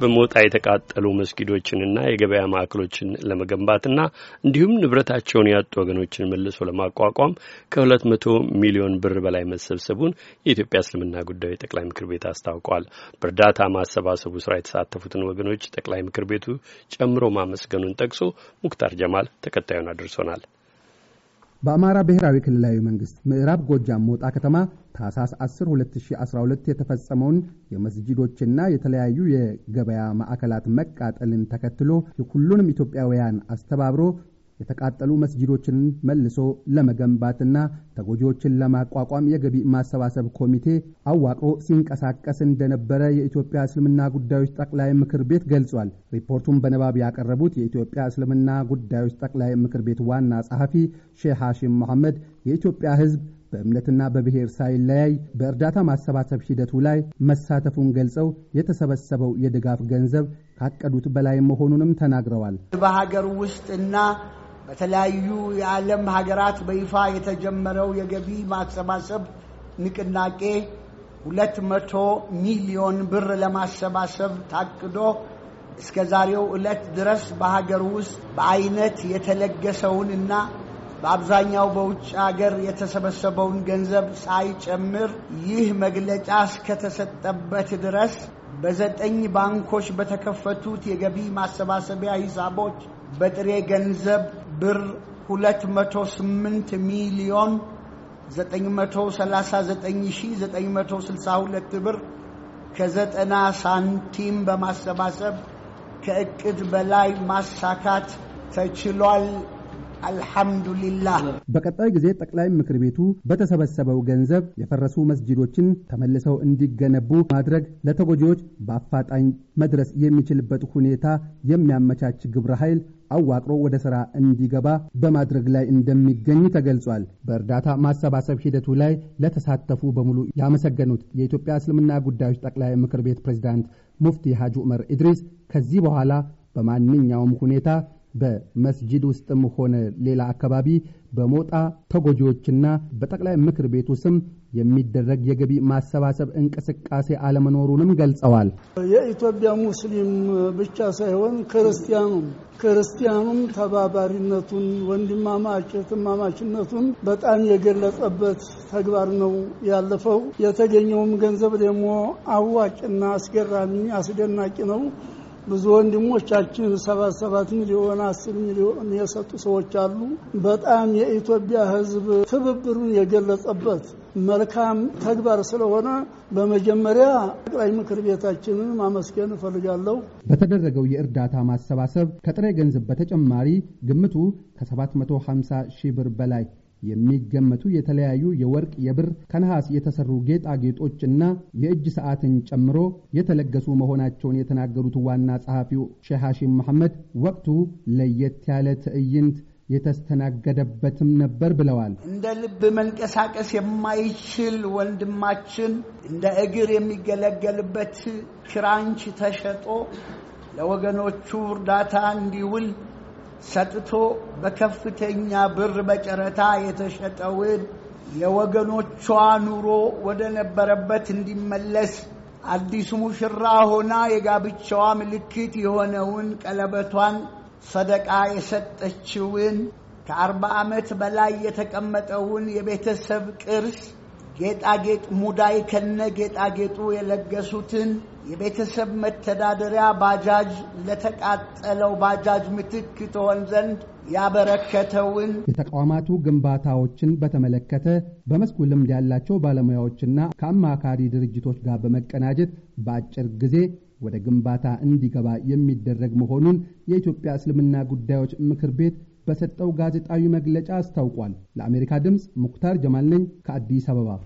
በሞጣ የተቃጠሉ መስጊዶችንና የገበያ ማዕከሎችን ለመገንባትና እንዲሁም ንብረታቸውን ያጡ ወገኖችን መልሶ ለማቋቋም ከ200 ሚሊዮን ብር በላይ መሰብሰቡን የኢትዮጵያ እስልምና ጉዳዮች ጠቅላይ ምክር ቤት አስታውቋል። በእርዳታ ማሰባሰቡ ስራ የተሳተፉትን ወገኖች ጠቅላይ ምክር ቤቱ ጨምሮ ማመስገኑን ጠቅሶ ሙክታር ጀማል ተከታዩን አድርሶናል። በአማራ ብሔራዊ ክልላዊ መንግስት ምዕራብ ጎጃም ሞጣ ከተማ ታህሳስ 10 2012 የተፈጸመውን የመስጂዶችና የተለያዩ የገበያ ማዕከላት መቃጠልን ተከትሎ ሁሉንም ኢትዮጵያውያን አስተባብሮ የተቃጠሉ መስጂዶችን መልሶ ለመገንባትና ተጎጂዎችን ለማቋቋም የገቢ ማሰባሰብ ኮሚቴ አዋቅሮ ሲንቀሳቀስ እንደነበረ የኢትዮጵያ እስልምና ጉዳዮች ጠቅላይ ምክር ቤት ገልጿል። ሪፖርቱን በንባብ ያቀረቡት የኢትዮጵያ እስልምና ጉዳዮች ጠቅላይ ምክር ቤት ዋና ጸሐፊ ሼህ ሐሺም መሐመድ የኢትዮጵያ ሕዝብ በእምነትና በብሔር ሳይለያይ በእርዳታ ማሰባሰብ ሂደቱ ላይ መሳተፉን ገልጸው የተሰበሰበው የድጋፍ ገንዘብ ካቀዱት በላይ መሆኑንም ተናግረዋል። በሀገር ውስጥና በተለያዩ የዓለም ሀገራት በይፋ የተጀመረው የገቢ ማሰባሰብ ንቅናቄ ሁለት መቶ ሚሊዮን ብር ለማሰባሰብ ታቅዶ እስከ ዛሬው ዕለት ድረስ በሀገር ውስጥ በአይነት የተለገሰውን እና በአብዛኛው በውጭ ሀገር የተሰበሰበውን ገንዘብ ሳይጨምር ይህ መግለጫ እስከተሰጠበት ድረስ በዘጠኝ ባንኮች በተከፈቱት የገቢ ማሰባሰቢያ ሂሳቦች በጥሬ ገንዘብ ብር 208 ሚሊዮን 939962 ብር ከዘጠና ሳንቲም በማሰባሰብ ከእቅድ በላይ ማሳካት ተችሏል። አልሐምዱሊላህ። በቀጣይ ጊዜ ጠቅላይ ምክር ቤቱ በተሰበሰበው ገንዘብ የፈረሱ መስጂዶችን ተመልሰው እንዲገነቡ ማድረግ ለተጎጂዎች በአፋጣኝ መድረስ የሚችልበት ሁኔታ የሚያመቻች ግብረ ኃይል አዋቅሮ ወደ ሥራ እንዲገባ በማድረግ ላይ እንደሚገኝ ተገልጿል። በእርዳታ ማሰባሰብ ሂደቱ ላይ ለተሳተፉ በሙሉ ያመሰገኑት የኢትዮጵያ እስልምና ጉዳዮች ጠቅላይ ምክር ቤት ፕሬዝዳንት ሙፍቲ ሐጂ ዑመር ኢድሪስ ከዚህ በኋላ በማንኛውም ሁኔታ በመስጂድ ውስጥም ሆነ ሌላ አካባቢ በሞጣ ተጎጂዎችና በጠቅላይ ምክር ቤቱ ስም የሚደረግ የገቢ ማሰባሰብ እንቅስቃሴ አለመኖሩንም ገልጸዋል። የኢትዮጵያ ሙስሊም ብቻ ሳይሆን ክርስቲያኑም ክርስቲያኑም ተባባሪነቱን ወንድማማች ትማማችነቱን በጣም የገለጸበት ተግባር ነው ያለፈው። የተገኘውም ገንዘብ ደግሞ አዋጭና አስገራሚ አስደናቂ ነው። ብዙ ወንድሞቻችን ሰባት ሰባት ሚሊዮን አስር ሚሊዮን የሰጡ ሰዎች አሉ። በጣም የኢትዮጵያ ሕዝብ ትብብሩን የገለጸበት መልካም ተግባር ስለሆነ በመጀመሪያ ጠቅላይ ምክር ቤታችንን ማመስገን እፈልጋለሁ። በተደረገው የእርዳታ ማሰባሰብ ከጥሬ ገንዘብ በተጨማሪ ግምቱ ከ750 ሺህ ብር በላይ የሚገመቱ የተለያዩ የወርቅ፣ የብር፣ ከነሐስ የተሰሩ ጌጣጌጦችና የእጅ ሰዓትን ጨምሮ የተለገሱ መሆናቸውን የተናገሩት ዋና ጸሐፊው ሼህ ሐሺም መሐመድ ወቅቱ ለየት ያለ ትዕይንት የተስተናገደበትም ነበር ብለዋል። እንደ ልብ መንቀሳቀስ የማይችል ወንድማችን እንደ እግር የሚገለገልበት ክራንች ተሸጦ ለወገኖቹ እርዳታ እንዲውል ሰጥቶ በከፍተኛ ብር በጨረታ የተሸጠውን የወገኖቿ ኑሮ ወደ ነበረበት እንዲመለስ አዲሱ ሙሽራ ሆና የጋብቻዋ ምልክት የሆነውን ቀለበቷን ሰደቃ የሰጠችውን ከአርባ ዓመት በላይ የተቀመጠውን የቤተሰብ ቅርስ ጌጣጌጥ ሙዳይ ከነ ጌጣጌጡ የለገሱትን የቤተሰብ መተዳደሪያ ባጃጅ ለተቃጠለው ባጃጅ ምትክ ትሆን ዘንድ ያበረከተውን የተቋማቱ ግንባታዎችን በተመለከተ በመስኩ ልምድ ያላቸው ባለሙያዎችና ከአማካሪ ድርጅቶች ጋር በመቀናጀት በአጭር ጊዜ ወደ ግንባታ እንዲገባ የሚደረግ መሆኑን የኢትዮጵያ እስልምና ጉዳዮች ምክር ቤት በሰጠው ጋዜጣዊ መግለጫ አስታውቋል። ለአሜሪካ ድምፅ ሙክታር ጀማል ነኝ ከአዲስ አበባ።